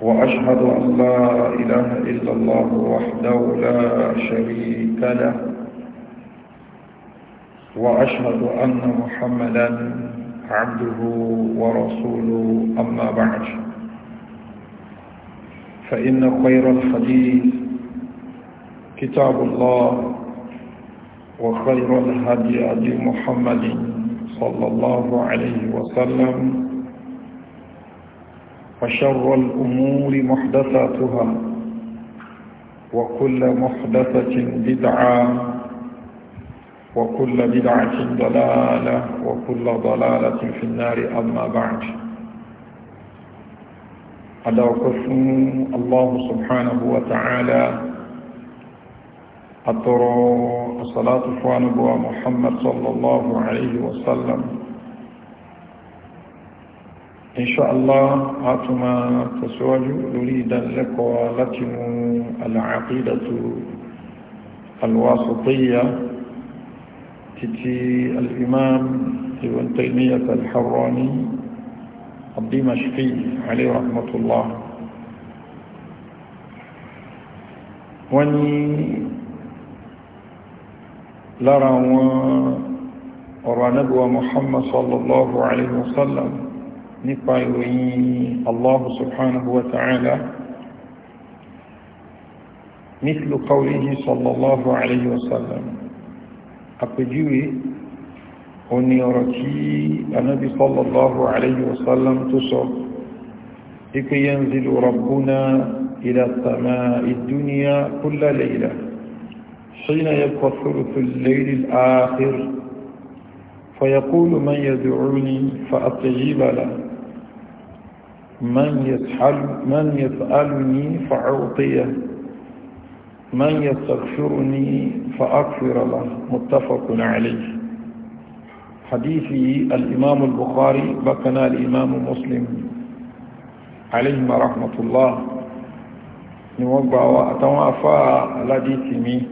وأشهد أن لا إله إلا الله وحده لا شريك له وأشهد أن محمدا عبده ورسوله أما بعد فإن خير الحديث كتاب الله وخير الهدي محمد صلى الله عليه وسلم وشر الأمور محدثاتها وكل محدثة بدعة وكل بدعة ضلالة وكل ضلالة في النار أما بعد قسم الله سبحانه وتعالى أترى الصلاة فانبوى محمد صلى الله عليه وسلم inshallah a tún máa tẹ̀síwájú lórí ìdánilẹ́kọ̀ọ́ láti mú al-aqidatu al-wasatiyya títí al-imam ibn taymiyyah al-harrani ad-dimashqi alayhi rahmatullah wọ́n ní lára wọn ọ̀rọ̀ anábíwa muhammad sallallahu alayhi wa nípa ìròyìn Allah subhanahu wa ta'ala mithlu qawlihi sallallahu alayhi wa sallam àpèjúwe ni ọ̀rọ̀ tí anábi sallallahu alayhi wa sallam tó sọ ipe yanzilu rabbuna ila samaa'i ìdúnìyà kúlá layla ṣína yabqa thuluthu al-layli al-akhir فيقول من يدعوني فأستجيب من يسحل من يسألني فأعطيه من يستغفرني فأغفر له متفق عليه حديث الإمام البخاري بكنا الإمام مسلم عليهما رحمة الله نوبا وأتوافى مي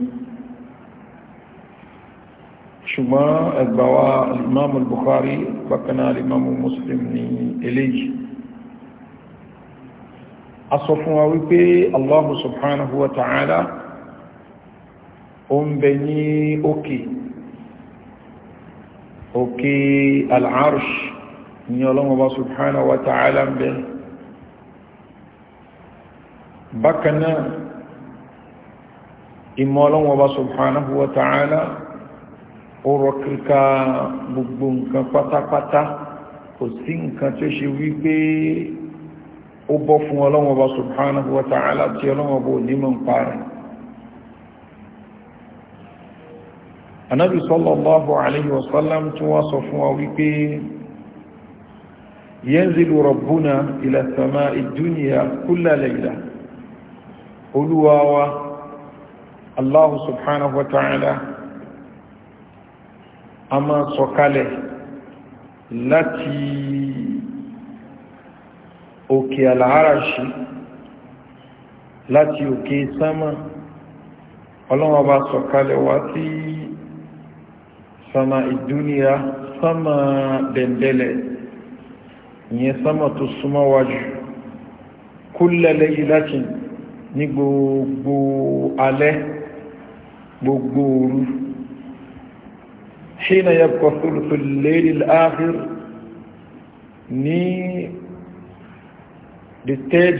شما أتبوا الإمام البخاري بكنا الإمام مسلم إليه a sọ fún wa wípé Allahu subhanahu wa ta'ala ó ń bẹ ní òkè òkè al-arsh ní ọlọ́mọba subhanahu wa ta'ala ń bẹ bákanáà ìmọ̀ ọlọ́mọba subhanahu wa ta'ala ó rọ kíríká gbogbo nǹkan pátápátá kò sí nǹkan tí ṣe wípé ó bọ́ fún ọlọ́wọ́ bá subhanahu wa ta'ala tí ọlọ́wọ́ bó nímọ̀ ń parẹ́ anábì sallallahu alayhi wa sallam tí wọ́n sọ fún wa wípé yanzilu rabbuna ila sama'i dunya kulla layla olúwa wa allahu subhanahu wa ta'ala a máa sọ̀kalẹ̀ láti òkè àlàáràṣí láti òkè sánmà ọlọ́wọ́ bá sọ̀kalẹ̀ wá sí sánmà ìdúnìyà sánmà dẹ̀ndẹ̀lẹ̀ ìyẹn sánmà tó súnmọ́ wájú kúlẹ̀lẹ̀ yìí láti ní gbogbo alẹ́ gbogbo òru ṣína yẹ kọ̀ sólùsù lérí láàrín the third,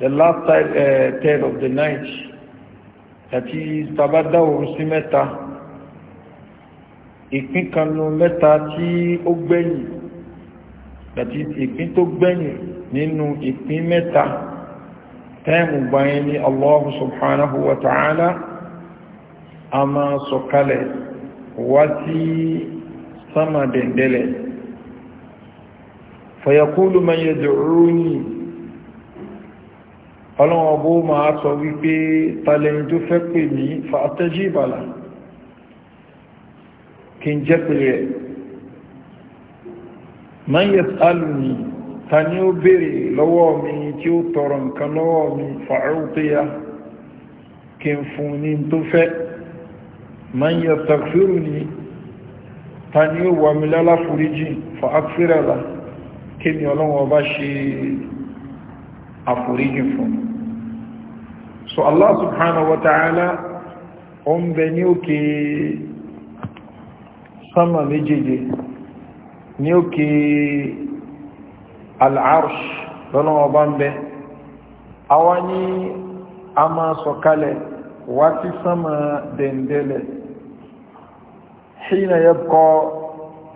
the last time, uh, third of the night, that is tabada or simeta, mẹ́ta, ìpín kanu mẹ́ta tí ó that is ìpín tó gbẹ̀yìn nínú ìpín mẹ́ta, tẹ́ẹ̀mù gbáyé Allah subhanahu wa ta'ala, ama máa sọ̀kalẹ̀ wá sí sámà fọ̀yẹ̀kúlù mẹ́yẹ dùrúnì ọlọ́wọ́ bó máa sọ wípé tàlẹ́yìn tó fẹ́ pè ní fàtẹ́jì ìbàlá kí n jẹ́ pè rẹ̀ mẹ́yẹ alùní ta ni ó bèèrè lọ́wọ́ mi tí ó tọrọ nǹkan lọ́wọ́ mi fàárùpéyà kí n fún ní tó fẹ́ mẹ́yẹ tàkfírù kémi ọlọ́wọ́ bá ṣe àforíjì fún so Allah subhanahu wa ta'ala o ń bẹ ní òkè sánmà méjèèjì ní òkè al-arsh lọ́lọ́wọ́ bá ń bẹ àwa ní a máa sọ̀kalẹ̀ wá sí sánmà dẹ̀ndẹ̀lẹ̀ hina yabqa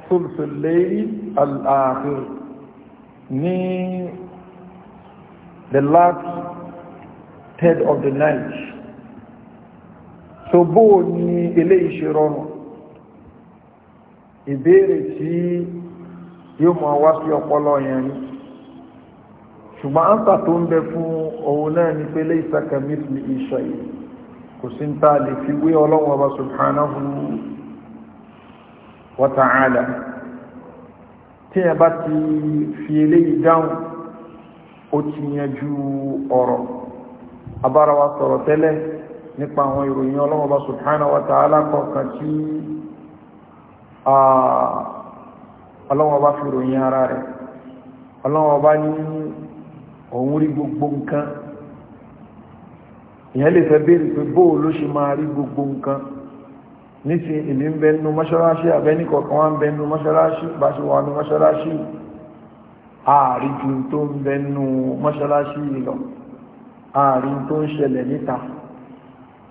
thuluth al-layl al ní the last third of the night so bó ni ilé ìṣirọrùn ìbéèrè tí yóò mọ̀ wá sí ọpọlọ yẹn ni ṣùgbọ́n áńsà tó ń bẹ fún òun náà ni pé lè ìsàkà mìtìlì ìṣà yìí kò sí ń ta lè fi wé ọlọ́wọ́ ọba subhanahu wa ta'ala. ala tí ẹ bá ti fi eléyìí dáhùn ó ti yanjú ọ̀rọ̀ abára wa sọ̀rọ̀ tẹ́lẹ̀ nípa àwọn ìròyìn Ọlọ́hun Ọba subhanahu wa ta'ala kọ̀ọ̀kan tí Ọlọ́hun Ọba fi ròyìn ara rẹ̀ Ọlọ́hun Ọba ní òun rí gbogbo nǹkan ìyẹn lè fẹ́ béèrè pé bóò ṣe máa rí gbogbo nǹkan nísìn èmi ń bẹ nínú mọ́ṣáláṣí abẹ́ni kọ̀ọ̀kan wá ń bẹ nínú mọ́ṣáláṣí bá ṣe wà nínú mọ́ṣáláṣí ààrin ju tó ń bẹ nínú mọ́ṣáláṣí lọ ààrin tó ń ṣẹlẹ̀ níta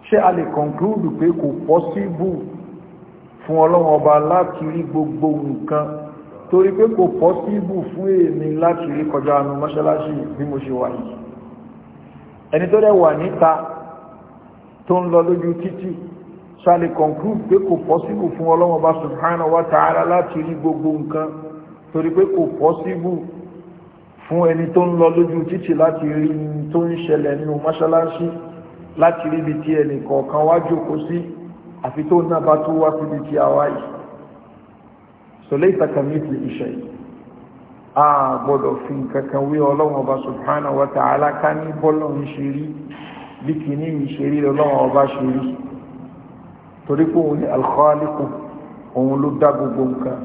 ṣé a lè conclude pé kò possible fún ọlọ́wọ́n ọba láti rí gbogbo nǹkan torí pé kò possible fún èmi láti rí kọjá nínú mọ́ṣáláṣí bí mo ṣe wà yìí ẹni tó dẹ̀ wà níta tó ń lọ lójú títì sálẹ̀ conclude pé kò possible fún ọlọ́wọ́n bá subhanahu wa ta'ala láti rí gbogbo nǹkan torí pé kò possible fún ẹni tó ń lọ lójú títì láti rí tó ń ṣẹlẹ̀ nínú mọ́ṣáláṣí láti rí ibi tí ẹnì kọ̀ọ̀kan wá jókòó sí àfi tó náà bá tó wá síbi tí a wáyé sọlẹ́ ìtàkàmí ti iṣẹ́ yìí a gbọ́dọ̀ fi kankan wé ọlọ́wọ́n ọba subhanahu wa ta'ala ká ní bọ́lọ́ ń ṣe rí bí kìíní ìṣeré ọlọ́wọ́n ọba ṣe rí torí pé òun ni alkhaliku òun ló dá gbogbo nǹkan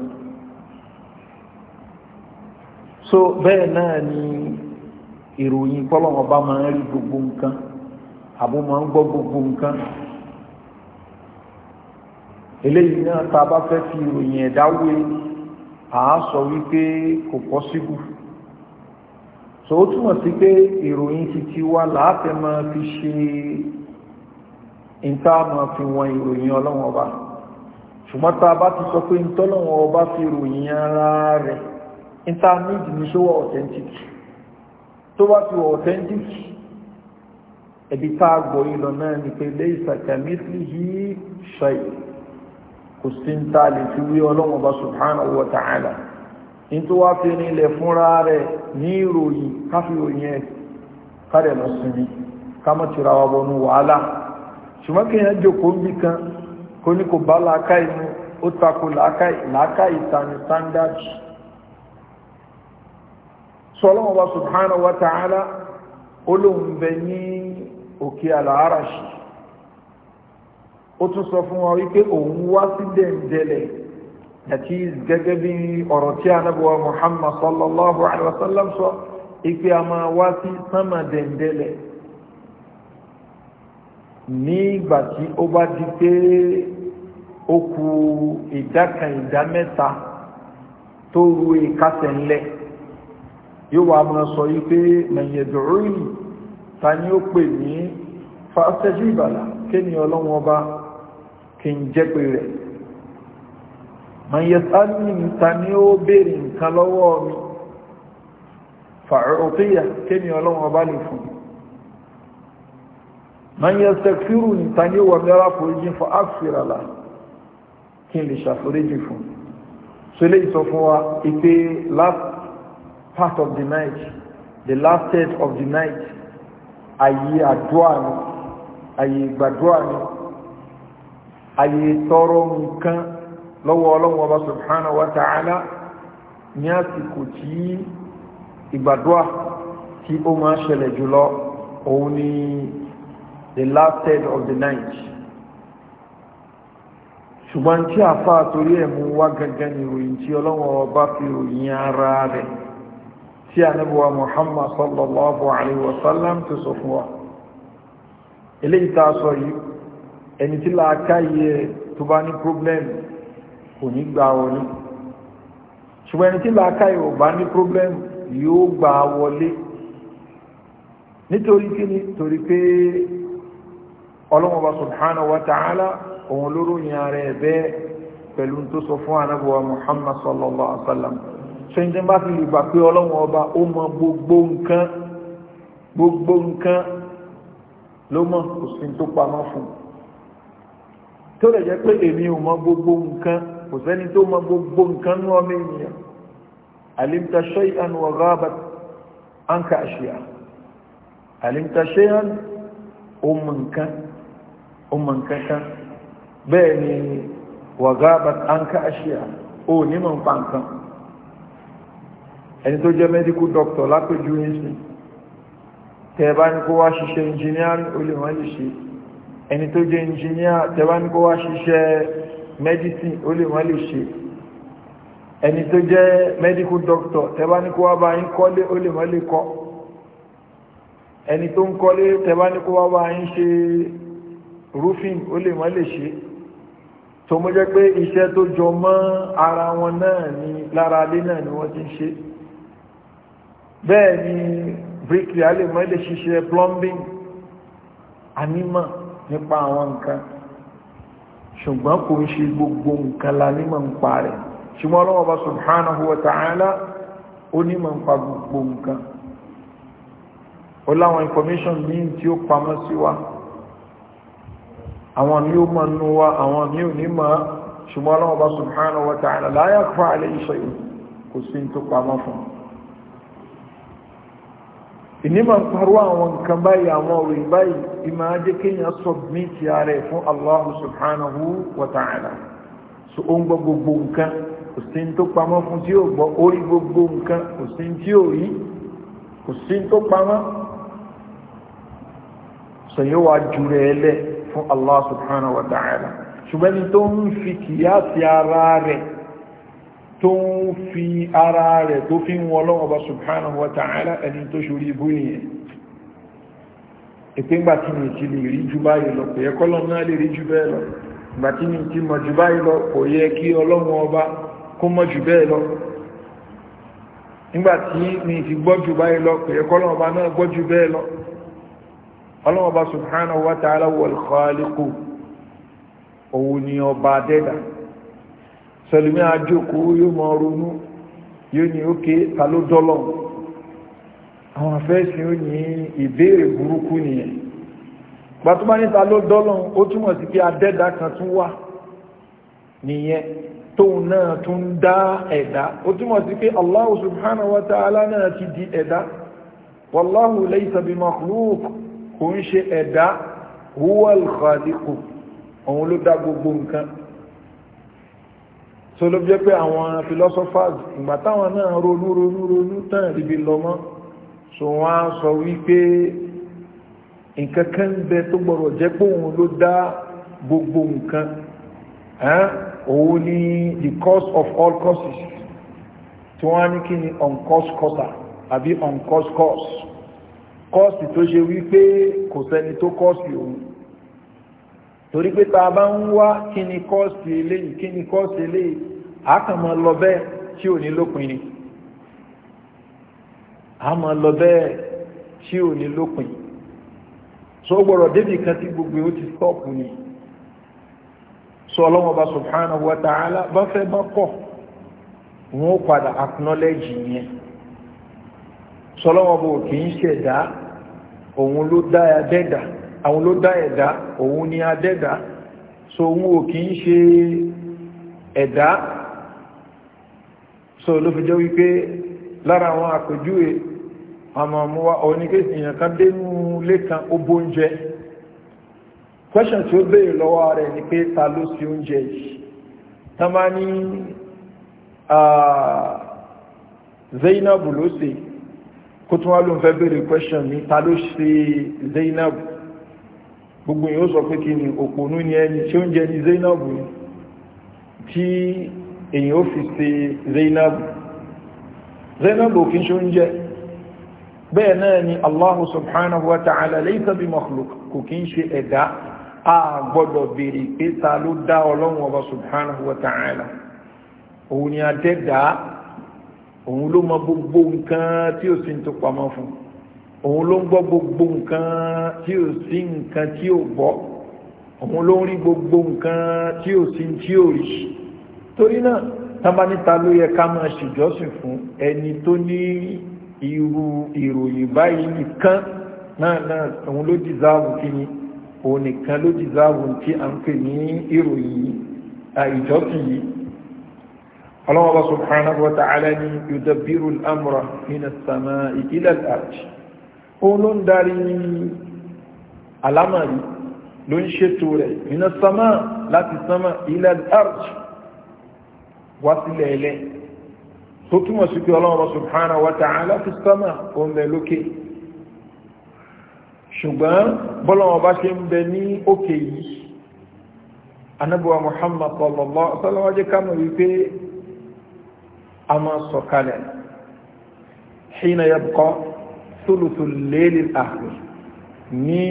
so bẹ́ẹ̀ náà ni ìròyìn pọ́lọ́wọ́n bá máa ń rí gbogbo nǹkan àbó máa ń gbọ́ gbogbo nǹkan eléyìí náà tá bá fẹ́ fi ìròyìn ẹ̀dá wé à á sọ wípé kò pọ́síbù so ó túmọ̀ sí pé ìròyìn titi wa làá fẹ́ máa fi ṣe ìtaàmà fi wọn ìròyìn ọlọ́wọ́ ọba ṣùgbọ́n tá ti sọ pé ọba fi ròyìn ara rẹ̀ intermid ní authentic tó bá fi authentic ẹ̀bí tá gbọ́ ìlọ náà ni pé laysa kamithlihi shay kò sí ń ta lè fi wí ọlọ́wọ́ ọba subhanahu wa ta'ala wá fi fúnra rẹ̀ ní ìròyìn ẹ̀ ṣùgbọ́n kí èèyàn jókòó níbi kan kó ní kò bá làákàyè mu ó takò standard sọlọ́wọ́n wa subhanahu wa ta'ala olóhùn bẹ ní òkè àlàáràṣì ó tún sọ fún wa wípé òun wá sí dẹ̀ndẹ̀lẹ̀ àti gẹ́gẹ́ bí ọ̀rọ̀ tí muhammad sallallahu alaihi wa sallam sọ ìpè àmà wá sí sánmà dẹ̀ndẹ̀lẹ̀. nígbà tí ó bá di pé ó ku ìdá kan ìdá mẹ́ta tó ru ìkásẹ̀ ńlẹ̀ yóò wá máa sọ yí pé mẹ̀yẹ̀dùrúyì ta ni ó pè ní fàṣẹjú ìbàlá kéènì ọlọ́wọ́n ọba kí n jẹ́ pé rẹ̀ mẹ̀yẹ̀sálì ta ni ó béèrè nǹkan lọ́wọ́ mi fàṣẹjú ìyà kéènì ọlọ́wọ́n ọba lè fún mi man yastaghfiru ni ta ni wa mera foríjì fún afirala kí n lè ṣàforíjì fún so lè sọ fún wa ipe last part of the night the last third of the night ayé àdúrà ni ayé ìgbàdúrà ni ayé tọrọ nǹkan lọ́wọ́ ọlọ́wọ́ ọba subhanahu wa ta'ala ní àsìkò tí ìgbàdúrà tí ó máa ṣẹlẹ̀ jùlọ òun ni the last third of the night ṣùgbọ́n tí àfa àtòrí ẹ̀ mú wá gangan ní ìròyìn tí ọlọ́wọ́n ọba fi ròyìn ara rẹ̀ tí ànábọ̀wá Muhammad sallallahu alayhi wa sallam ti sọ fún wa eléyìí tá a sọ yìí ẹni tí làákàyè tó bá ní problem kò ní gbà wọlé ṣùgbọ́n ẹni tí làákàyè ò bá ní problem yóò gbà wọlé nítorí kí ni torí pé ọlọ́mọba subhanahu wa ta'ala òun lóró yìn ààrẹ ẹ̀bẹ́ pẹ̀lú tó sọ fún anábọ̀wá muhammad sallallahu alaihi wa sallam ṣe ń jẹ́ bá fi ìgbà pé ọlọ́mọba ó mọ gbogbo nǹkan gbogbo nǹkan ló mọ̀ kò sí tó pamọ́ fún un tó lè jẹ́ pé èmi ò mọ gbogbo nǹkan kò sẹ́ni tó mọ gbogbo nǹkan ní ọmọ ènìyàn alimta shay'an wa ghabat anka ashiya alimta shay'an ó mọ nǹkan ọmọ nkankan bẹ́ẹ̀ ni wàgábà anka aṣíà ó nímọ̀ npa nkan ẹni tó jẹ́ medical doctor lápẹjú ẹ̀sìn tẹ̀bá ní kó wá ṣiṣẹ́ engineering ó lè ṣe ẹni tó jẹ́ engineer tẹ̀bá ní kó wá ṣiṣẹ́ medicine ó lè ṣe ẹni tó jẹ́ medical doctor tẹ̀bá ní kó wá bá yín kọ́lé ó lè wọ́n lè kọ́ ẹni tó ń kọ́lé tẹ̀bá ní kó wá bá yín ṣe roofing ó lè má lè ṣe tó mọ́ jẹ́ pé iṣẹ́ tó jọ mọ́ ara wọn náà ni lára ilé náà ni wọ́n ti ń ṣe bẹ́ẹ̀ ni bíríkì á lè má lè ṣiṣẹ́ plumbing anima nípa àwọn nǹkan ṣùgbọ́n kò ń ṣe gbogbo nǹkan la ń pa rẹ̀ ṣùgbọ́n Ọlọ́hun Ọba subhanahu wa ta'ala ó nímọ̀ ń pa gbogbo nǹkan ó láwọn information míì tí ó pamọ́ sí wa àwọn ni ó ma nú wa àwọn ni ò ní ma ṣùgbọ́n aláwọ̀ bá subhanahu wa ta'ala la yakhfa alayhi shay'un kò sí tó pamọ́ fún ìnímọ̀ ń parọ́ àwọn nǹkan báyìí àwọn òrìn báyìí ìmọ̀ ajé kéèyàn submit ààrẹ fún Allah subhanahu wa ta'ala so ó ń gbọ́ gbogbo nǹkan kò sí tó pamọ́ fún tí ó gbọ́ orí gbogbo nǹkan kò sí tí ó rí kò sí tó pamọ́ sọ yóò wá jù rẹ̀ ẹlẹ́ẹ̀ fún Allah subhanahu wa ta'ala ṣùgbọ́n ni tó ń fi kìyàsí ara rẹ̀ tó ń fi ara rẹ̀ tó fi ń wọ́n lọ́wọ́ bá subhanahu wa ta'ala ẹni tó ṣorí ibú nìyẹn ìpíngbà tí mi ti lè rí jù báyìí lọ kò yẹ kọ́lọ́ náà lè rí jù bẹ́ẹ̀ lọ ìgbà tí mi ti mọ̀ jù báyìí lọ kò yẹ kí ọlọ́run ọba kó mọ̀ jù bẹ́ẹ̀ lọ nígbà tí mi ti gbọ́ jù báyìí lọ kò yẹ kọ́lọ́run ọba náà gbọ́ jù bẹ́ẹ̀ lọ ọlọ́wọ́ bá subhanahu wa ta'ala wal khaliqu òun ni ọba dẹ́dà sẹlẹ̀mí àjókòó yóò mọ ronú yóò ní ókè ta ló dọ́lọ̀ àwọn afẹ́sìn ó ní ìbéèrè burúkú nìyẹn gbàtúmọ̀ níta ló dọ́lọ̀ ó túmọ̀ sí pé adẹ́dà kan tún wà nìyẹn tóun náà tún dá ẹ̀dá ó túnmọ̀ sí pé Allahu subhanahu wa náà ti di ẹ̀dá wallahu laysa bi makhluq kò ń ṣe ẹ̀dá huwal khaliqu òun ló dá gbogbo nǹkan so ló jẹ́ pé àwọn philosophers ìgbà táwọn náà ronú ronú ronú tán ríbi lọ́mọ́ so wọ́n á sọ wípé nǹkan kan bẹ tó gbọ́dọ̀ jẹ́ pé òun ló dá gbogbo nǹkan òun ni the cause of all causes tí wọ́n á ní kí ni on cause causa àbí on cause cause kọ́ọ̀sì tó ṣe wípé kò sẹ́ni tó kọ́ọ̀sì òun torí pé tá bá ń wá kí ni kọ́ọ̀sì eléyìí kí ni kọ́ọ̀sì eléyìí a lọ bẹ́ẹ̀ tí ò ní lópin lọ bẹ́ẹ̀ tí ò ní lópin so gbọ́dọ̀ débi kan tí ti stọ́ọ̀pù ni sọ ọlọ́wọ́n bá subhanahu wa ta'ala bá fẹ́ bá kọ̀ wọ́n sọlọ́wọ́ bò kì í ṣẹ̀dá òun ló dá ẹ̀dá àwọn ló dá ẹ̀dá òun ni adẹ́dá so òun ò kì í ṣe ẹ̀dá so ló fi jẹ́ wípé lára àwọn àpèjúwe àmọ́ mú èèyàn kan dénú lẹ́kan ó bóúnjẹ question tí ó béèrè lọ́wọ́ rẹ̀ ni pé ta ló sí oúnjẹ yìí ah, Zainabu ló sèé kó tún wá ló ń fẹ́ béèrè question ní ta ló ṣe Zainab gbogbo yìí ó sọ pé kí ni òpònú ni ẹni tí ó ń jẹ ní Zainab ni tí èyàn ó fi ṣe Zainab Zainab ò kí ń ṣe oúnjẹ bẹ́ẹ̀ náà ni Allahu subhanahu wa ta'ala laysa bi makhluq kò kí ń ṣe ẹ̀dá a gbọ́dọ̀ béèrè pé ta ló dá ọlọ́run ọba subhanahu wa ta'ala òun ni a dẹ́ òun ló mọ gbogbo nǹkan tí ò sí tó pamọ́ fún òun ló ń gbọ́ gbogbo nǹkan tí ò sí nǹkan tí ò gbọ́ òun ló ń rí gbogbo nǹkan tí ò sí tí ò rí torí náà tábánítà ló yẹ ká máa ṣèjọ́sìn fún ẹni tó ní irú ìròyìn báyìí nìkan náà náà òun ló dìzáàbù kí òun nìkan ló dìzáàbù tí a ń pè ní ìròyìn àìjọ́sìn yìí ọlọ́wọ́ba subhanahu wa ta'ala ni yudabiru al'amura minas sama'i ila al-ardi olóń darí alámàrí ló ń ṣètò rẹ̀ minas sama'i láti sama ila al-ardi wá sílẹ̀ ẹlẹ́ tó túmọ̀ sí pé ọlọ́wọ́ba subhanahu wa ta'ala fi sama òun bẹ lókè ṣùgbọ́n bọ́lọ́wọ́ba sallallahu alaihi wa sallam wájú ká wípé a máa sọ̀kalẹ̀ hina yabqa thuluthul laylil akhir ní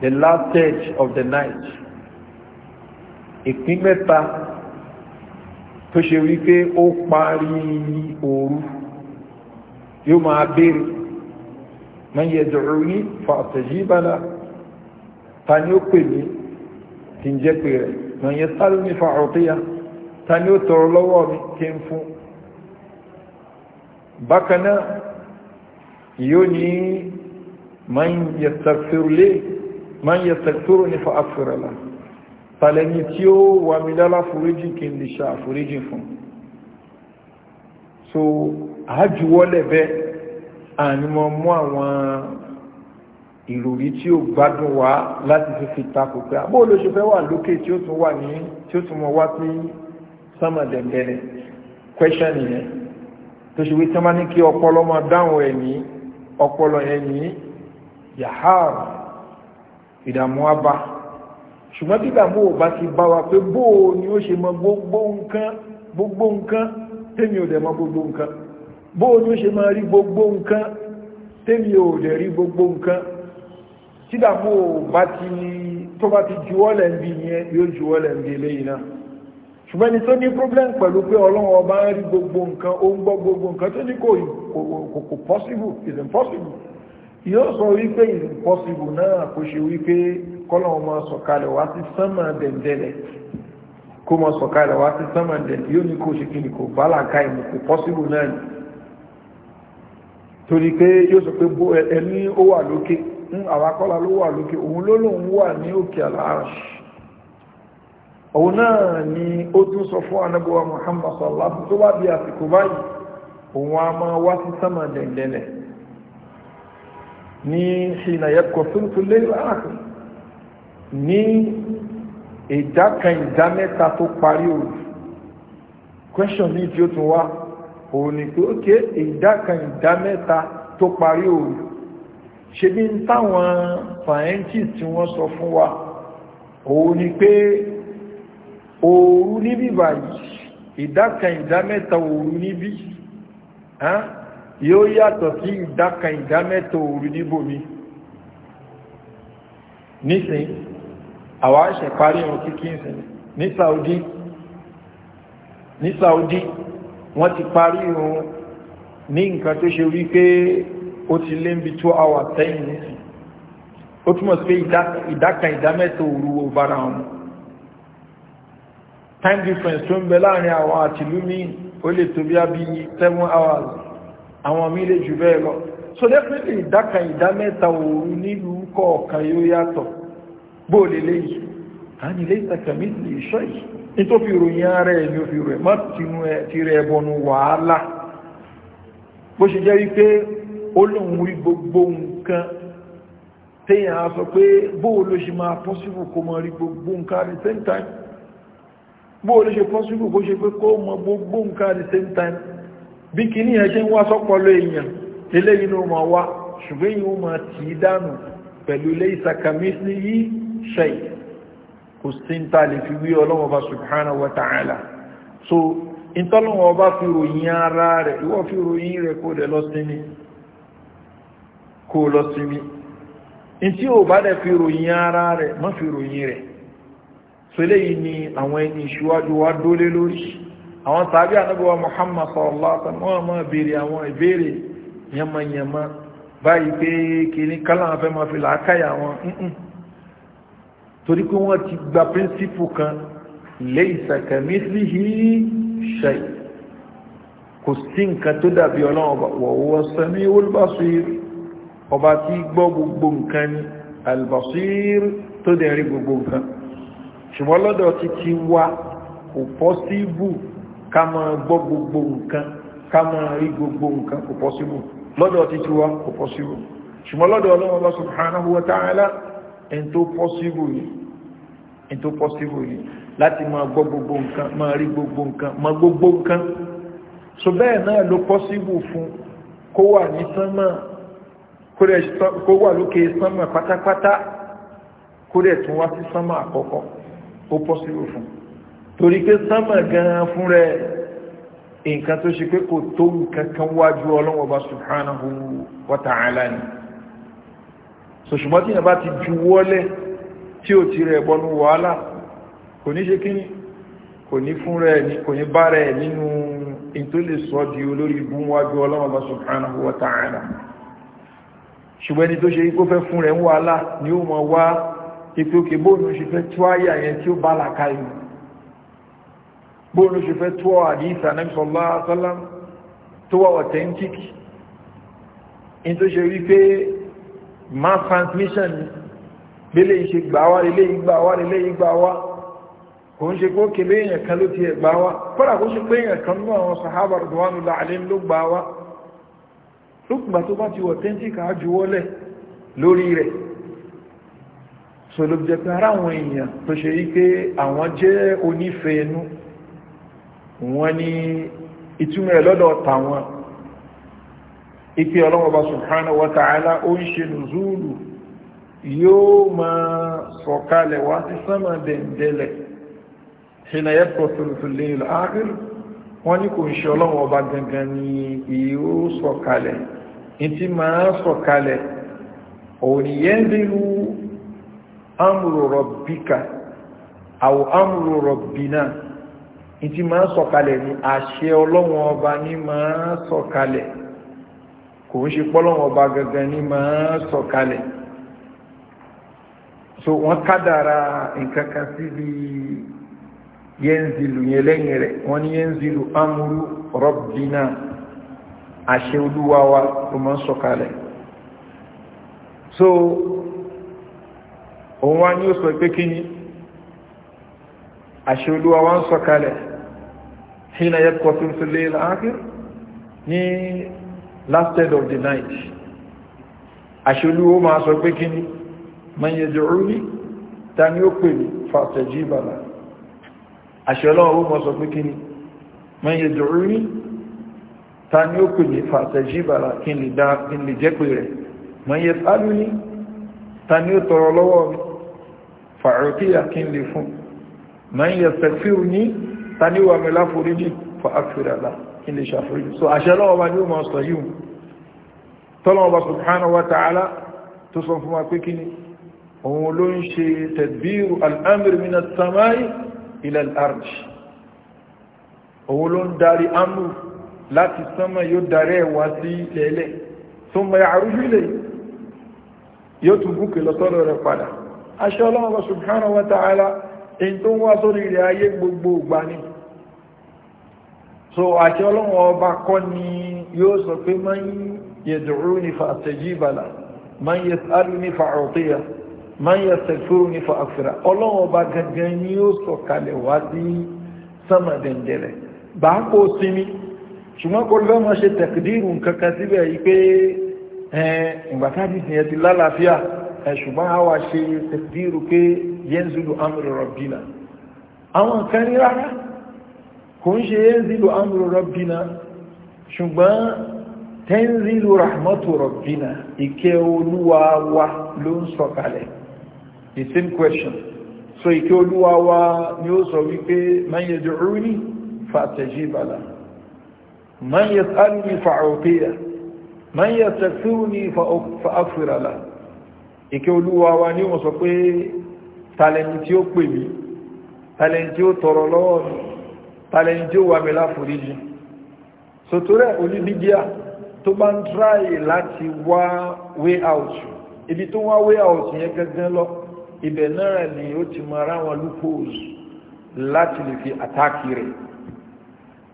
the last stage of the night ìpín mẹ́ta tó ṣe wípé ó parí òru yóò máa béèrè man yad'uni fa astajiba la ta ni ó pè mí tí ń jẹ́ pé rẹ̀ man yasaluni fa u'tiya ta ni ó tọrọ lọ́wọ́ mi kí n fún bákanáà yóò ní man yastaghfiru ní fa'afirala tàlẹ̀ni tí ó wà mí lálá foríjì kí n lè ṣe àforíjì fún so àájúwọ́lẹ̀ bẹ́ ànímọ̀ mú àwọn ìròrí tí ó gbádùn wá láti fi fi takò pé àbó ló ṣe fẹ́ wà lókè tí ó tún wà ní tí ó tún mọ̀ wá sí sánmà dẹ̀ndẹ̀rẹ̀ question tó ṣe wí tí wọ́n ní kí ọpọlọ máa dáhùn ẹ̀mí ọpọlọ ẹ̀mí yahar ìdààmú abá ṣùgbọ́n bí ìdààmú ò bá ti bá wa pé bóò ni ó ṣe mọ gbogbo nǹkan gbogbo nǹkan tèmi ò dẹ̀ mọ gbogbo nǹkan bóò rí gbogbo nǹkan tí ìdààmú ò bá ti tó bá ti juwọ́lẹ̀ ń bí yẹn yóò juwọ́lẹ̀ ń bí eléyìí náà ṣùgbọ́n ẹni tó ní problem pẹ̀lú pé ọlọ́run ọba ń rí gbogbo nǹkan ó ń gbọ́ gbogbo nǹkan tó ní kò kò possible is impossible yóò sọ wípé is impossible náà kò ṣe wípé kọ́lọ́run máa sọ̀kalẹ̀ wá sí sánmà dẹ̀ndẹ̀lẹ̀ kó máa sọ̀kalẹ̀ wá sí sánmà dẹ̀ndẹ̀lẹ̀ yóò ní kò ṣe kí kò bá làákà ìmọ̀ kò possible náà ni torí pé yóò sọ pé ẹni ó wà lókè ń àwákọ́lá ló wà lókè òun ló lóun wà ní òkè àlàáràṣì òun náà ni ó tún sọ fún anábọ́wà Muhammad sallallahu tó wá bí àsìkò báyìí òun a máa wá sí sánmà dẹ̀ndẹ̀lẹ̀ ní ṣìnà tuntun lẹ́yìn ní ìdá kan ìdá mẹ́ta tó parí ní ó tún wá òun ni pé sọ fún wa òun ni òru níbí báyìí ìdákan ìdámẹ́ta òru níbí yóò yàtọ̀ sí ìdákan ìdámẹ́ta òru níbòmí nísìn àwa ṣe parí ọ̀rọ̀ kíkí ìsìn ní Saudi ní Saudi wọ́n ti parí ọ̀rọ̀ ní nǹkan tó ṣe wípé ó ti lé ń bi two hours nísìn ó túmọ̀ sí pé ìdákan ìdámẹ́ta òru time difference tó ń bẹ láàrin àwọn àtìlú mi ó lè tó bí seven hours àwọn mi lè jù bẹ́ẹ̀ lọ so definitely ìdá kan ìdá mẹ́ta òru nílùú kọ̀ọ̀kan yóò yàtọ̀ bó lè léyìí a ní lè tàkàmí lè ṣọ́ yìí nítorí ìròyìn ara ẹ̀ ni ó fi rẹ̀ má ti rẹ̀ bọnu wàhálà bó ṣe jẹ́ wípé ó lóun rí gbogbo nǹkan téèyàn á sọ pé bóò ló ṣe máa pọ́sífù kó mọ rí gbogbo nǹkan at the same time bó o lè ṣe pọ́sílù bó ṣe pé kó mọ gbogbo nǹkan at the same time bí kì ní ẹṣẹ́ ń wá sọ́pọ̀lọ èèyàn eléyìí ló máa wá ṣùgbọ́n èyí ó máa tì í dànù pẹ̀lú ilé ìsàkàmísí yìí ṣe kò sí ń ta lè fi wí ọlọ́wọ́ bá subhanahu wa ta'ala so ìtọ́lọ́wọ́ bá fi ròyìn ara rẹ̀ ìwọ fi ròyìn rẹ̀ kó dẹ̀ lọ sinmi kó lọ sinmi ìtí ò bá dẹ̀ fi ròyìn ara rẹ̀ má fi ròyìn rẹ̀ sọlẹ̀ yìí ni àwọn ẹni ìṣíwájú wa dólé lórí àwọn tàbí ànábọ̀wá Muhammad sallallahu alaihi wasallam wọn máa béèrè àwọn ìbéèrè yamayama báyìí pé kìíní kálá àwọn fẹ́ máa fi làákàyà wọn nǹkan torí pé wọ́n ti gba píríncípù kan laysa kamithlihi shay kò ṣùgbọ́n lọ́dọ̀ ti ti wá kò pọ́síbù ká máa gbọ́ gbogbo nǹkan ká máa rí gbogbo nǹkan kò pọ́síbù lọ́dọ̀ ti ti wá kò pọ́síbù ṣùgbọ́n lọ́dọ̀ ọlọ́wọ́ bá subhanahu wa ta'ala ẹni tó pọ́síbù yìí ẹni tó pọ́síbù yìí láti máa gbọ́ gbogbo nǹkan máa rí gbogbo nǹkan máa gbogbo nǹkan so bẹ́ẹ̀ náà ló pọ́síbù fún kó wà ní wà lókè sánmà pátápátá kó dẹ̀ tún wá sí sánmà àkọ́kọ́ ó pọ́sílò fún torí pé sánmà gan fún rẹ̀ nǹkan tó ṣe pé kò tó nǹkan kan wájú ọlọ́wọ́ bá subhanahu wa ta'ala ni so ṣùgbọ́n tí yẹn bá ti ju wọ́lẹ̀ tí ò ti rẹ̀ bọnú wàhálà kò ní ṣe kíni kò ní fún rẹ̀ ní kò ní bá rẹ̀ nínú in tó lè sọ di olórí ibú wájú ọlọ́wọ́ bá subhanahu wa ta'ala ṣùgbọ́n ẹni tó ṣe kó fẹ́ fún rẹ̀ ń wàhálà ni ó mọ̀ wá ìpé òkè bóòlù ṣe fẹ́ tó àyà yẹn tí ó bá làkà ìlú bóòlù ṣe fẹ́ tó àdíìsà nẹ́bìsọ̀lá sálám tó wà authentic in tó ṣe wípé mass transmission bílé ìṣe gbàwá ilé ìgbàwá ilé ìgbàwá kò ń ṣe kó kébé èèyàn kan ló ti ẹ̀ gbàwá kọ́dà kó ṣe pé èèyàn kan ní àwọn sahaba rẹ̀dùwánu láàrin ló gbàwá lókùngbà tó bá ti authentic àjùwọ́lẹ̀ lórí rẹ̀ so ló jẹ́ pé ara àwọn èèyàn tó ṣe yí pé àwọn jẹ́ onífẹ̀ẹ́ wọ́n ní ìtumọ̀ lọ́dọ̀ tàwọn ipe ọlọ́mọba subhanahu wa ta'ala ó ń ṣe nùzúùlù yóò máa sọ̀kalẹ̀ wá sí sánmà dẹ̀ndẹ̀lẹ̀ hìnà yẹ́ pọ̀tùlùtùlẹ̀ ìlú áàrùn wọ́n ní kò ń ṣe ọlọ́mọba gangan ni yóò Amuru rọ̀bíkà àwọ̀ Amuru rọ̀bìnà ìtì máa sọ̀kalẹ̀ ní àṣẹ ọlọ́wọ́n ọba ní máa sọ̀kalẹ̀ kò ń ṣe pọ́lọ́wọ́n ọba gangan ní máa sọ̀kalẹ̀ so wọ́n kádàrà nǹkan kan síbi yẹnzilu yẹn lẹ́yìn rẹ̀ wọ́n ní yẹnzilu amúrú rọ̀bìnà àṣẹ olúwa wa tó máa sọ̀kalẹ̀ so. òun ni o pé kí ni àṣẹ olúwa wá ń sọ̀kalẹ̀ hina yẹ́pọ̀ tó ń last end of the night àṣẹ máa sọ pé kí ni man ta ni ó pè ní fastajiba la àṣẹ ó mọ̀ sọ pé kí ni ta ni ó pè ní ki kí n jẹ́ pé rẹ̀ man ta ni ó tọrọ lọ́wọ́ fàáyọ̀kíyà kí n lè fún ma ń yẹ sẹ́fíù ní taníwà mi láforíjì fàáfìràlá kí n lè ṣàforíjì so àṣẹ lọ́wọ́ bá ní ó máa sọ yìí tọ́lọ́wọ́ bá subhanahu wa ta'ala tó sọ fún wa pé kí ni òun ló ń ṣe tadbiru al'amir min as-samai ila al-ard òun ló yóò tún búkè lọ́tọ́lọ́ rẹ̀ padà aṣọ ọlọ́run subhanahu wa ta'ala in tó ń wá sórí ilẹ̀ ayé gbogbo ìgbà ni so àti ọlọ́run ọba kọ́ ni yóò sọ pé man yad'uni fa astajiba la man yas'aluni fa a'tiya man yastaghfiruni fa aghfira ọlọ́run ọba gangan ni yóò sọ kalẹ̀ wá sí sánmà dẹ̀ndẹ̀rẹ̀ bá kó sinmi ṣùgbọ́n kò lọ́mọ ẹ̀ṣùgbọ́n a wá ṣe tẹ̀síru pé yẹnzulu amúlò rọ̀bìnà àwọn kan ní rárá kò ń ṣe yẹnzulu amúlò rọ̀bìnà ṣùgbọ́n tẹ́ńzìlù rahmatu rọ̀bìnà ìkẹ́ olúwa wa ló ń sọ̀kalẹ̀ the same question so ìkẹ́ olúwa wa ni ó sọ wípé man yad'uni fa'tajiba lahu man yas'aluni fa'utiya man yastaghfiruni fa'aghfira ìkẹ́ olúwa wa ní wọ́n sọ pé talẹni tí ó pè mí talẹni tí ó tọrọ lọ́wọ́ mi talẹni tí ó wà mí láforíjì sòtúrẹ́ onídíjíà tó bá ń tráyè láti wá way out ibi tó wá way out yẹn gẹ́gẹ́ lọ ibẹ̀ náà ni ó ti mọ ara wọn loopholes láti lè fi àtáàkì rẹ̀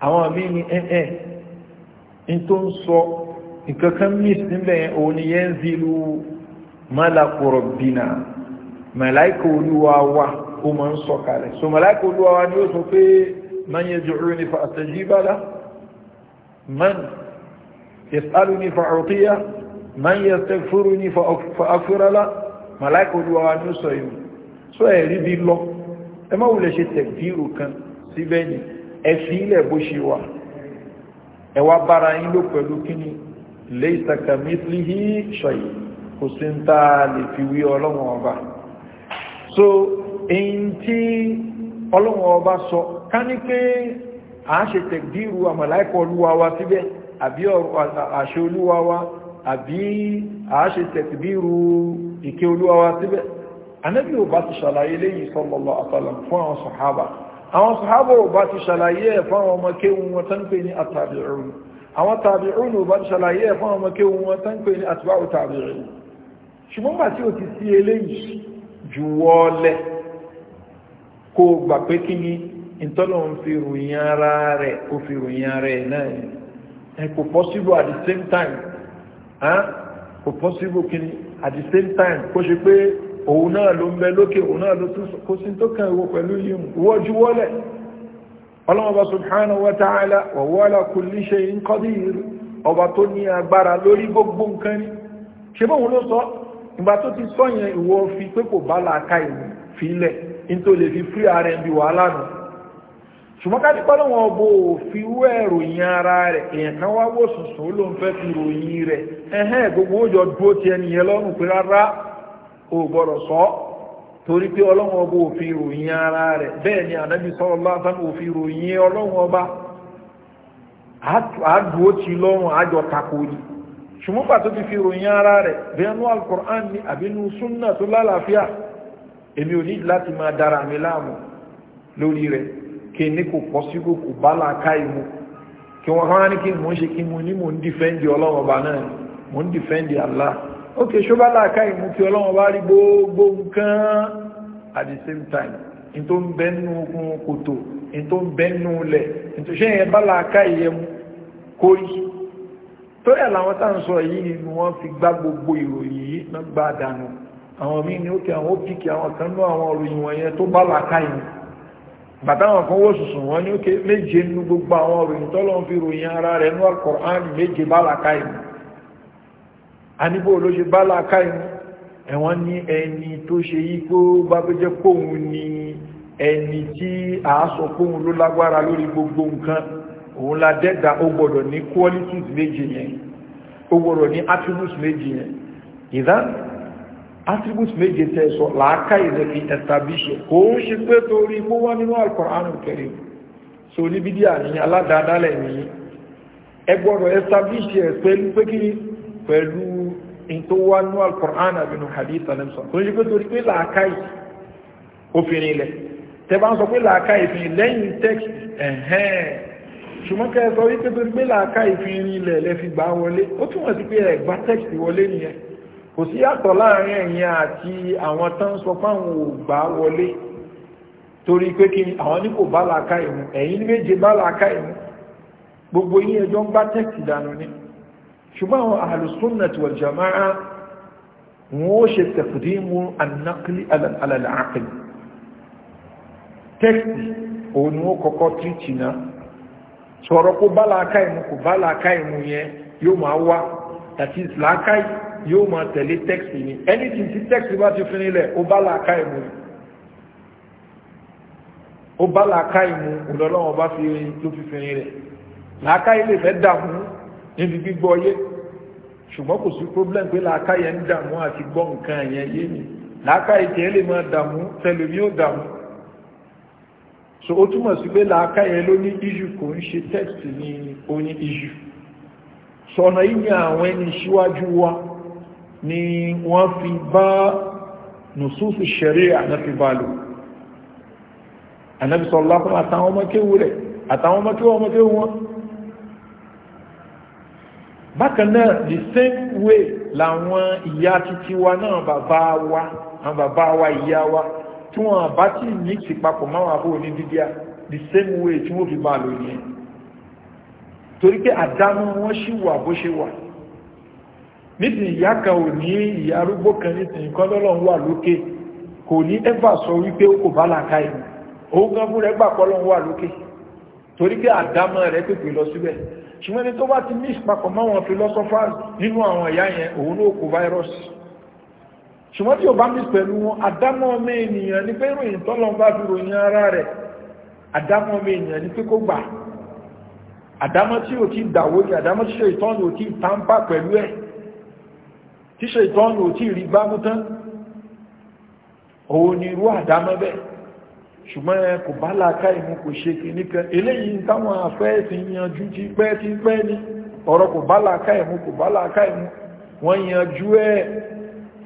àwọn àmì ni ẹ̀ẹ́ ní tó ń sọ nǹkan kan miss níbẹ̀ òun ni yẹn ń zilu malaku rabbina màláìkà olúwa wa ó máa ń sọ̀kalẹ̀ so màláìkà olúwa wa ni ó sọ pé man yad'uni fa astajiba lahu man yas'aluni fa u'tiyahu man yastaghfiruni fa aghfira lahu màláìkà olúwa wa ni ó sọ yìí so ẹ̀rí bí lọ ẹ má wulẹ̀ ṣe tẹ̀bírù kan síbẹ̀ ni ẹ fi ilẹ̀ bó ṣe wà ẹ wá bára yín ló pẹ̀lú kíni laysa kamithlihi shay'un kò sí ń tá a lè fi wí ọlọ́wọ́n ọba so èyí tí ọlọ́wọ́n ọba sọ ká ní pé à ń ṣe tẹ̀gbìrú àmàláìkọ̀ olúwa wa síbẹ̀ àbí àṣẹ olúwa wa àbí à ṣe tẹ̀gbìrú ìké olúwa wa síbẹ̀ anábì ò ti ṣàlàyé léyìí sallallahu alaihi wasallam fún àwọn sàhábà àwọn sàhábà ò bá ti ṣàlàyé ẹ̀ fún àwọn ọmọ kéwù wọn tán pè ní àtàbíùn àwọn tàbíùn ò bá ti ṣàlàyé ẹ̀ fún àwọn ọmọ kéwù wọn tán pè ní àtìbáwò tàbíùn ṣùgbọ́n gbà tí o ti sí eléyìí jù wọ́ọ́lẹ̀ kó o gbà pé kí ni ìtọ́nà ń fi ròyìn ara rẹ̀ kó fi ròyìn ara ẹ̀ náà ni kò possible at the same time kò possible kí ni at the same time kó ṣe pé òun náà ló ń bẹ lókè òun náà ló tún kó sí tó kàn wọ pẹ̀lú yìí wọ́n jù wọ́ọ́lẹ̀ ọlọ́mọba subhanahu wa ta'ala wa huwa ala kulli shay'in qadir ọba tó ní agbára lórí gbogbo nǹkan ni ṣe bóun ló sọ ìgbà tó ti sọ yẹn ìwọ fi pé kò bá làákà ìlú filẹ̀ nítorí lè fi fí ara ẹni wà lánà ṣùgbọ́n ká dípọ́ lọ́wọ́ ara rẹ̀ èèyàn kan wá wò sùsùn ó ló fi ròyìn rẹ̀ ẹ̀hẹ́n gbogbo dúró ti ẹni yẹn lọ́rùn pé rárá ò gbọ́dọ̀ sọ torí pé ọlọ́wọ́ ara rẹ̀ bẹ́ẹ̀ ni ànábì ọlọ́wọ́ ṣùgbọ́n pàtó ti fi ròyìn ara rẹ̀ bẹ́ẹ̀nú alkùnrán ní àbínú súnnà tó lálàáfíà èmi ò ní láti máa dára mi láàmú lórí rẹ̀ kí ní kò pọ̀ sí kò kò bá láàká ìmú kí wọ́n rán ní kí mò ń ṣe kí mo ní mò ń dìfẹ́ndì ọlọ́wọ́ bá Allah ó kè ṣó bá at the same time in tó ń bẹ́nu okun kòtò in torí àláwọn tá ń sọ yìí ni wọ́n fi gbá gbogbo ìròyìn yìí náà gbá dànù àwọn míì ní òkè àwọn òpìkì àwọn kan ní àwọn ìròyìn wọ̀nyẹn tó bá làákà yìí bàtà àwọn kan wọ́n sùsùn wọ́n ní òkè méje nu gbogbo àwọn ìròyìn tọ́lọ́ ń fi ròyìn ara rẹ̀ ní Al-Qur'an méje bá làákà yìí àníbò ló ṣe bá làákà yìí ẹ̀wọ́n ní ẹni tó ṣe yí pé ó bá tó jẹ́ póun ni ẹni tí àásọ òun la dẹ́gbà ó gbọ́dọ̀ ní qualities méje yẹn ó gbọ́dọ̀ ní attributes méje yẹn ìdá attributes méje tẹ́ sọ làákà ìrẹ́ fi establish kò ń ṣe pé torí kó wá nínú Al-Qur'an Al-Karim so níbi díà ní aládàádálẹ̀ ní ẹ gbọ́dọ̀ establish ẹ̀ pẹ̀lú pé pẹ̀lú tó wá nínú Al-Qur'an àbínú hadith anamsa kò ń ṣe pé torí pé làákà òfin ilẹ̀ tẹ́ bá ń sọ pé làákà ìfin text ṣùgbọ́n kẹ́ sọ wípé tó gbé làákà ìfìrin ilẹ̀ lẹ́fi gbà wọlé ó túnmọ̀ sí pé ẹ̀gbá tẹ́kìtì wọlé nìyẹn kò sí yàtọ̀ láàrin ẹ̀yin àti àwọn tán sọ fáwọn ògbà wọlé torí pé kí àwọn ní kò bá làákà ìmú ẹ̀yin ní méje bá làákà ìmú gbogbo yín ẹjọ́ ń bá tẹ́kìtì dànù ni ṣùgbọ́n àwọn ahlus-sunnati wal jamā'a wọn ó ṣe taqdīmu an-naqli 'ala tẹ́kìtì òun ni wọ́n kọ́kọ́ tìrìtì náà sọ̀rọ̀ kó bá làákà ìmú kò bá làákà ìmú yẹn yóò máa wá àti làákà yóò máa tẹ̀lé tẹ́kìtì ni anything tí tẹ́kìtì bá ti fún ilẹ̀ ó bá làákà ìmú ó bá làákà ìmú òlọ́lọ́wọ́ bá fi ló fi fún ilẹ̀ làákà ilé fẹ́ dààmú níbi gbígbọ́ yé ṣùgbọ́n kò sí problem pé làákà yẹn ń dààmú àti gbọ́ nǹkan yẹn yé ni làákà ìtẹ́ lè máa dààmú tẹlẹmí ó dààmú so ó túmọ̀ sí pé làákà yẹn ló ní iṣu kò ń ṣe text ní oní iṣu sọ̀nà yìí ni àwọn ẹni síwájú wa ni wọ́n fi bá nùsùsù ṣẹ̀rí ànáfi bá lò ànáfi sọ̀rọ̀ lápá àtàwọn ọmọ kéwú rẹ̀ àtàwọn ọmọ kéwú ọmọ kéwú wọn bákan náà the same way làwọn ìyá títí wa náà bàbá wa àwọn bàbá wa ìyá wa tí wọ́n bá tí mix papọ̀ máwọn abó ní dídíá the same way tí wọ́n fi bá lò ní ẹ̀ torí pé àdámọ́ wọ́n ṣì wà bó ṣe wà nísìnyí ìyá kan ò ní ìyá arúgbó kan nísìnyí kan lọ́lọ́run wà lókè kò ní ẹ́fà sọ wípé ó kò bá làkà ẹ̀ òun gan fún rẹ̀ gbà pọ́ wà lókè torí pé àdámọ́ rẹ̀ pèpè lọ síbẹ̀ ṣùgbọ́n ní tó bá ti mix papọ̀ máwọn philosophers nínú àwọn ìyá yẹn òun ló kó virus ṣùgbọ́n tí o bá ń bí pẹ̀lú wọn àdámọ́ ọmọ ènìyàn ní pé ìròyìn tọ́lọ́ bá fi ròyìn ara rẹ̀ àdámọ́ ọmọ ènìyàn ní pé kó gbà àdámọ́ tí o ti dàwó ni àdámọ́ tí ṣètọ́nù ò ti tàǹpà pẹ̀lú ẹ̀ tí ṣètọ́nù ò ti rí gbámú tán òun ni irú àdámọ́ bẹ́ẹ̀ ṣùgbọ́n ẹ kò bá láàká ìmú kò ṣe kìíní kan eléyìí táwọn afẹ́ẹ̀sìn yanjú ti pẹ́ ti pẹ́ ni ọ̀rọ̀ kò bá láàká ìmú kò bá láàká ìmú wọ́n yanjú ẹ̀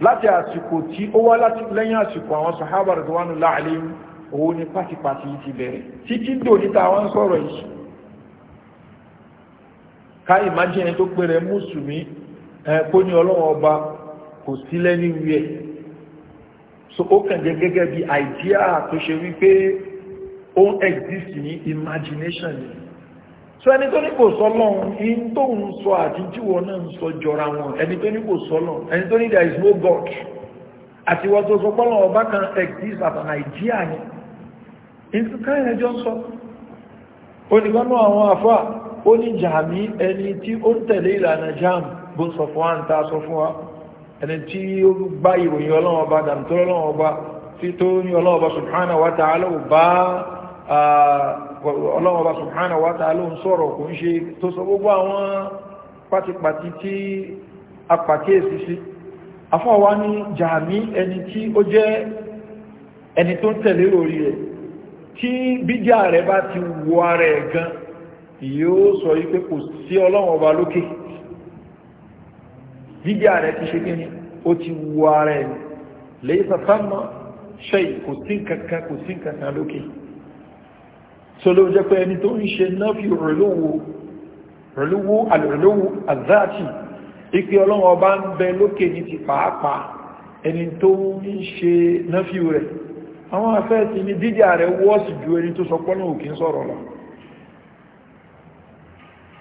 láti àsìkò tí ó wá láti lẹ́yìn àsìkò àwọn sahaba radwanullahi alayhim òun ni pátipàti ti bẹ̀rẹ̀ títí dòní tá àwọn sọ̀rọ̀ yìí ká ìmájẹ́ni tó pẹ̀rẹ̀ mùsùlùmí kó ní ọlọ́wọ́ ọba kò sí lẹ́ni wíẹ̀ so ó kàn jẹ́ gẹ́gẹ́ bí àìdíà tó ṣe wípé ó exist ní imagination yìí so ẹni tó ní kò sọlọ́run in tó ń sọ àtijíwọ náà ń sọ jọra wọn ẹni tó ní kò sọlọ́run ẹni tó ní there is no God àti wọ́n tó sọ pọ́lọ́ ọba kan exist as an idea ni nǹkan ẹ̀jọ́ ń sọ onígbọ́nà àwọn àfà ó ní jàmí ẹni tí ó ń tẹ̀lé ìlànà jam bó sọ fún wa ń ta sọ fún wa ẹni tí ó gbá ìròyìn ọlọ́wọ́ ọba dàmtọ́ ọlọ́wọ́ ọba tí tó ní ọlọ́wọ́ ọba subhanahu wa ta'ala bá ah, ọlọ́wọ́ bá subhanahu wa ta'ala ń sọ̀rọ̀ kò ń ṣe tó sọ gbogbo àwọn pátipàti tí a pàkíyèsí sí afọ́wá ní jàmí ẹni tí ó jẹ́ ẹni tó ń tẹ̀lé lórí rẹ̀ tí bídíà rẹ̀ bá ti wọ ara ẹ̀ gan yóò sọ yí kò sí ọlọ́wọ́ lókè bídíà rẹ̀ ti ṣe kí ni ó ti wọ ara ẹ̀ lẹ́yìn sàtánmọ́ ṣe kò sí kankan kò sí kankan lókè so ló jẹ́ pé ẹni tó ń ṣe náà fi rẹ̀lúwó alẹ̀rẹ̀lúwó àzáàtì ipe ọlọ́run ọba ń bẹ lókè ní ti pàápàá ẹni tó ń ṣe náà fi rẹ̀ àwọn afẹ́ẹ̀tì ní dídà rẹ̀ wọ́ọ̀sì ju ẹni tó sọpọ́ náà kí ń sọ̀rọ̀ lọ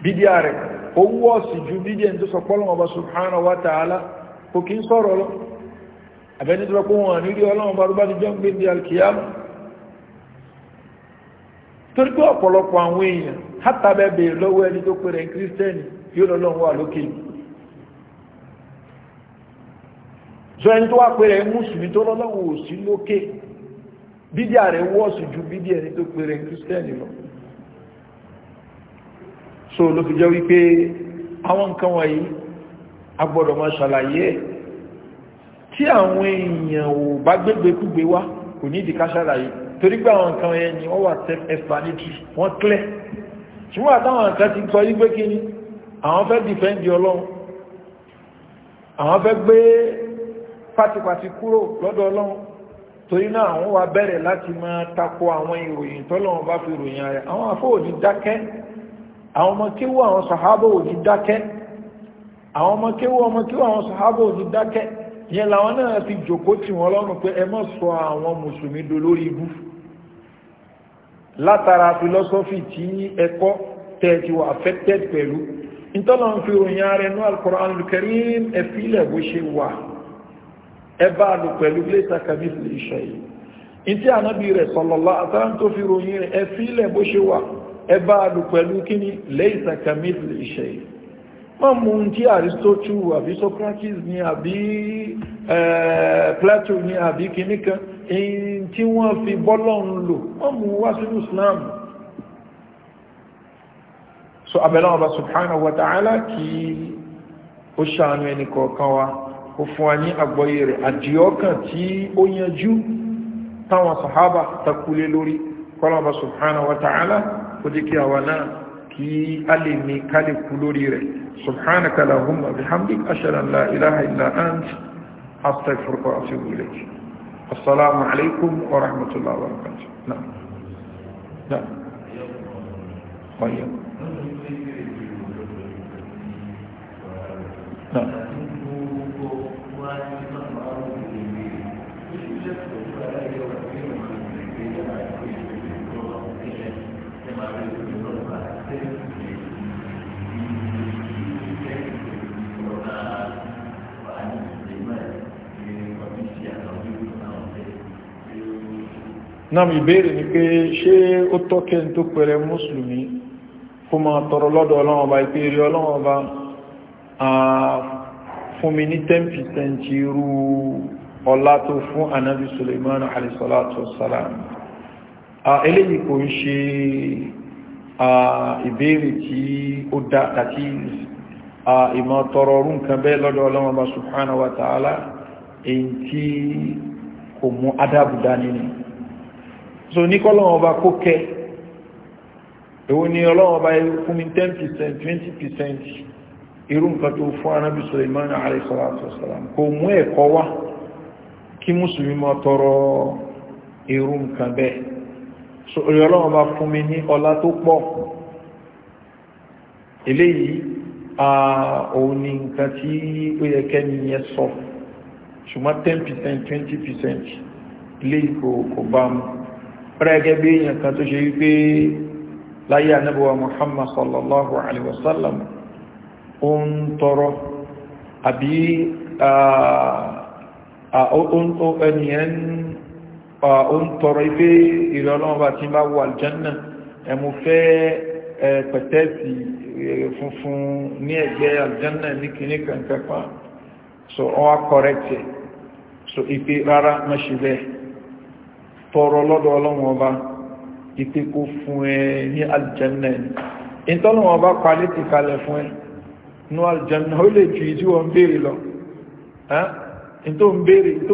dídà rẹ̀ ó wọ́ọ̀sì ju dídà ẹni tó sọpọ́ náà ọba subhanahu wa ta'ala kò ń sọ̀rọ̀ lọ àbẹ́ni tó sọ wọn àníri ọlọ́run ọba tó ti jọ́ ń gbé di alkiyama torí pé ọ̀pọ̀lọpọ̀ àwọn èèyàn hátàbẹ́ bèèrè lọ́wọ́ ẹni tó pèrè kírísítẹ́nì yóò lọ́lọ́ wà lókè so ẹni tó wá pèrè mùsùlùmí tó lọ́lọ́wọ́ ò sí lókè bídíà rẹ̀ wọ́ọ̀sì ju bídíà ẹni tó pèrè kírísítẹ́nì lọ so ló fi jẹ́ wípé àwọn nǹkan wọ̀nyí a gbọ́dọ̀ máa ṣàlàyé ẹ̀ tí àwọn èèyàn ò bá gbégbé kúgbé wá kò ní ìdíkà torí pé àwọn nǹkan yẹn ni wọ́n wà self-explanatory wọ́n clear ṣùgbọ́n àtàwọn nǹkan ti gbọ́ yí pé kí ni àwọn fẹ́ dìfẹ́ǹdì ọlọ́run àwọn fẹ́ gbé pátipàti kúrò lọ́dọ̀ ọlọ́run torí náà àwọn wá bẹ̀rẹ̀ láti máa tako àwọn ìròyìn tọ́lọ́run bá fi ròyìn rẹ̀ àwọn afọ́ òní dákẹ́ àwọn ọmọ kéwú àwọn sàhábà òní dákẹ́ àwọn ọmọ kéwú ọmọ kéwú àwọn sàhábà òní dákẹ́ yẹn làwọn náà fi jòkó tì wọ́n lọ́rùn pé ẹ má sọ àwọn mùsùlùmí dolórí ibú látara philosophy tí ẹkọ́ tẹ́ẹ̀tí wà affected pẹ̀lú ìtọ́lọ̀ ń fi òyìn ààrẹ ní al-Qur'an al-Karim ẹ̀fílẹ̀ bó ṣe wà ẹbá lò pẹ̀lú lẹ́ta kàmífìlì iṣẹ́ yìí in tí ànábì rẹ̀ sọ̀lọ̀lá àtàrán tó fi ròyìn rẹ̀ ẹ̀fílẹ̀ bó ṣe wà ẹbá lò pẹ̀lú kíní lẹ́ta kàmífìlì iṣẹ́ yìí wọ́n mú un tí aristotle àbí socrates ni àbí plato ni àbí kìnníkan èyí tí wọ́n fi bọ́lọ́run lò wọ́n mú wá sínú islam so abẹ́lẹ́ ọba subhanahu wa ta'ala kí ó ṣàánú ẹnì kọ̀ọ̀kan wa ó fún wa ní àgbọ́yé rẹ̀ àdìọ́kàn tí ó yanjú táwọn sàhábà takúlé lórí kọ́lọ́ọ̀bá subhanahu wa ta'ala ó jẹ́ kí àwa náà kí a lè سبحانك اللهم بحمدك أشهد أن لا إله إلا أنت أستغفرك وأتوب إليك السلام عليكم ورحمة الله وبركاته نعم نعم طيب نعم náà ìbéèrè ni pé ṣé ó tọ́kẹ́ tó pẹ̀rẹ mùsùlùmí kó máa tọrọ lọ́dọ̀ ọlọ́wọ́n ọba ìpé eré ọlọ́wọ́n ọba fún mi ní 10% irú ọlá tó fún anábi suleiman alisalatu salam eléyìí kò ń wa ta'ala èyí tí kò mú adábùdá nínú so ní kọ́lọ́wọ́n ọba kó kẹ́ èwo ni ọlọ́wọ́n ọba fún mi ten percent twenty percent irú nǹkan tó fún anábì Suleiman alayhi salatu wasalam kò mú ẹ̀kọ́ wá kí mùsùlùmí máa tọrọ irú nǹkan bẹ́ẹ̀ so ọlọ́wọ́n ọba fún mi ní ọlá tó pọ̀ eléyìí òun ni nǹkan tí ó yẹ kẹ́ni yẹn sọ ṣùgbọ́n ten percent twenty percent eléyìí kò bá mu rẹ́gẹ́ bí èèyàn kan tó ṣe wípé láyé anábọ̀wà muhammad sallallahu alaihi wasallam ó ń tọrọ àbí ẹniyàn ó ń tọrọ ipé ìrọ̀lọ́wọ́ bá ti bá wà aljanna ẹmú fẹ́ pẹ̀tẹ́sì funfun ní ẹgbẹ́ aljanna ní kìíní kankan so wọ́n á kọrẹ́tì so ipe rárá mọ́ṣẹ́lẹ̀ tọrọ lọ́dọ̀ ọlọ́run ọba ìpé kó fún ẹ ní aljanna ẹ̀ ìtọ́lọ́run ọba palẹ́ ti kalẹ̀ fún ẹ ní aljanna ó lè ju ìdí wọn béèrè lọ tó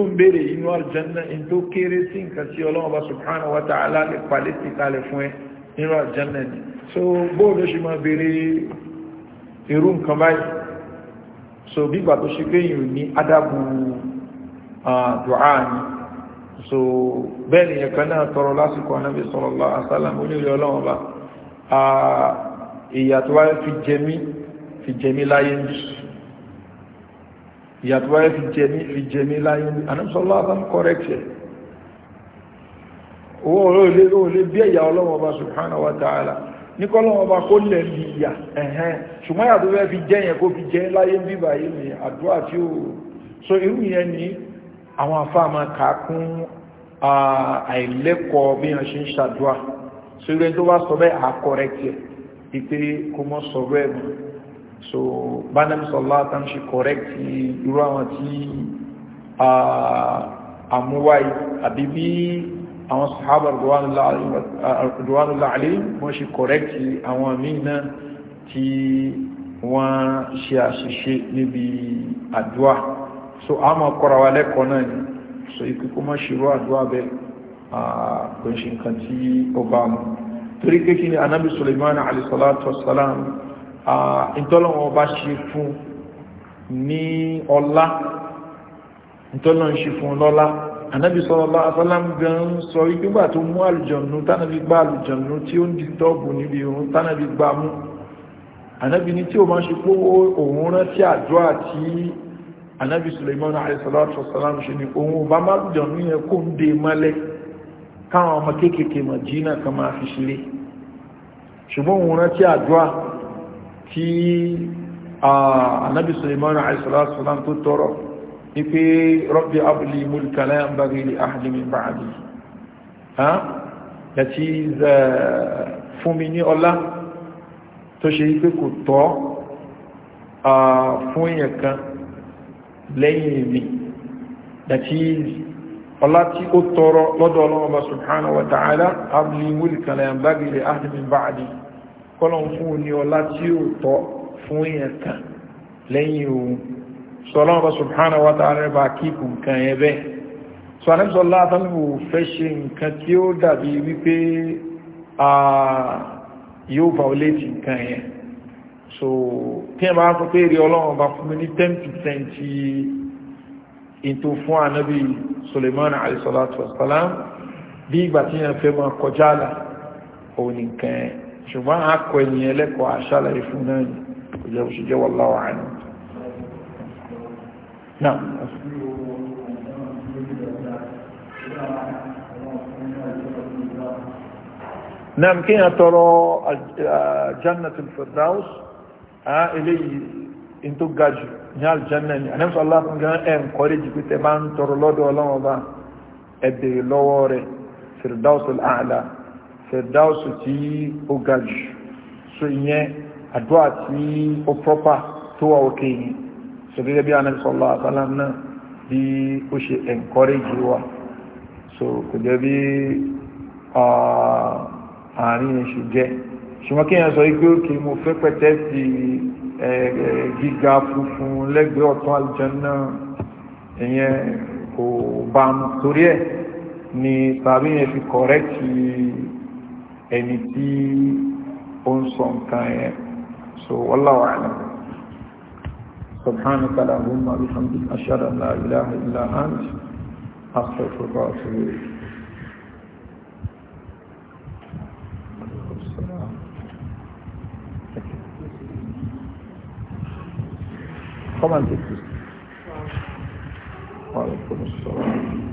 ń béèrè inú aljanna in tó kéré sí nǹkan sí ọlọ́run ọba subhanahu wa ta'ala lè palẹ́ ti kalẹ̀ fún ẹ nínú aljanna ni so bóòlù ṣe máa béèrè irú nǹkan báyìí so bí gbà tó ṣe pé yìí ní adágún du'a ni so bẹ́ẹ̀ nìyẹn kan náà tọrọ lásìkò anábì sallallahu alaihi wasallam onílé ọlọ́wọ́n bá ìyà tó wáyé fi jẹmí fi jẹmí láyé ń ìyà tó wáyé fi jẹmí fi jẹmí láyé ń anábì sallallahu alaihi wasallam correct ẹ̀ owó olóòlé olóòlé bí ẹ̀yà ọlọ́wọ́n bá subhanahu wa ta'ala ní kọ́lọ́wọ́n bá kó àwọn afáàmà kàákún àìlẹ́kọ̀ọ́ bí wọ́n ṣe ń ṣàdúrà so ìrẹ́ tó wá sọ bẹ́ẹ̀ àkọrẹ́kì ẹ̀ pé kó mọ́ sọ bẹ́ẹ̀ mọ́ so bánàmì sọlá àtàm ṣe kọrẹ́kì irú àwọn tí àmúwáyé àbí bí àwọn sàhábà rọ̀wánúlá àlè wọ́n ṣe kọrẹ́kì àwọn míì náà tí wọ́n ṣe àṣìṣe níbi àdúrà so a máa kọ́ra wa lẹ́kọ̀ọ́ náà ni so ìkíkó má ṣe rú àdúrà bẹ́ẹ̀ kò ṣe nǹkan tí ó bá mu torí pé kí ni anabi suleiman alayhisalatu wasalam ìtọ́lọ́wọ́ ọba ṣe fún ní ọlá ìtọ́lọ́wọ́ ṣe fún lọ́lá anabi sallallahu alaihi wasallam gan sọ ìgbégbà tó mú àlùjọ̀nù tánàbí gbá àlùjọ̀nù tí ó ń di tọ́ọ̀bù níbi irun tánàbí gbá mú anabi ní tí o máa ṣe pé òun rántí àdúrà tí anábì suleiman alayhisalatu wasalam ṣe ni òun ọba márùjọ ní ẹkọ ń dé mọ́lẹ̀ káwọn ọmọ kéékèèké mọ̀jínà kan máa fi ṣeré ṣùgbọ́n òun rántí àdúrà tí anábì suleiman alayhisalatu wasalam tó tọrọ ni pé rabbi abli mulka la yanbaghi li ahadin min ba'di yàtí eh, fún mi ní ọlá tó ṣe kan lẹ́yìn èmi dàtí ọlá tí ó tọrọ lọ́dọ̀ ọlọ́mọba subhanahu wa ta'ala abúlé wílìkan lẹ́yìn bá gẹ̀rẹ̀ ahdimin ba'di kọ́lọ̀ fún ní ọlá tí ó tọ́ fún èèyàn kan lẹ́yìn òun sọlọ́mọba subhanahu wa ta'ala bá kíkù nǹkan ẹ bẹ́ẹ̀ sọ so tí ẹ máa sọ pé èrè ọlọ́run ọba fún mi ní ten percent ètò fún anabi suleiman alayhisalatu wasalam bí ìgbà tí yẹn fẹ́ máa kọjá là òun nìkan ẹ̀ ṣùgbọ́n àkọ ẹ̀yìn ẹlẹ́kọ̀ọ́ àṣàlàyé fún náà ni kò jẹ́ òṣìṣẹ́ wallahu a'lam. náà نعم كي ترى جنة الفردوس Ah, eléyìí in tó ga jù ní aljanna ni anẹ́sọ̀ aláàfin gan ẹ̀ ń kọ́rí jù pé tẹ bá ń tọrọ lọ́dọ̀ ọlọ́run ọba ẹ̀bẹ̀ lọ́wọ́ rẹ̀ firdausu al'ala firdausu tí ó ga jù so ìyẹn àdúrà tí ó pọ́pà tó wà òkè yìí so gẹ́gẹ́ bí anẹ́sọ̀ aláàfin náà bí ó ṣe encourage wa so kò jẹ́ bí ah, àárín ẹ̀ ṣe jẹ́ ṣùgbọ́n kí èèyàn sọ igi òkè mo fẹ́ pẹ̀tẹ́ sí gíga funfun lẹ́gbẹ̀ẹ́ ọ̀tún àlùjánnà ìyẹn kò bá mu torí ẹ̀ ni tàbí yẹn fi kọ̀rẹ́kì ẹni tí ó ń sọ nǹkan yẹn so wallahu a'lam سبحانك اللهم وبحمدك اشهد ان لا اله الا انت استغفرك واتوب اليك Come and take this. Wa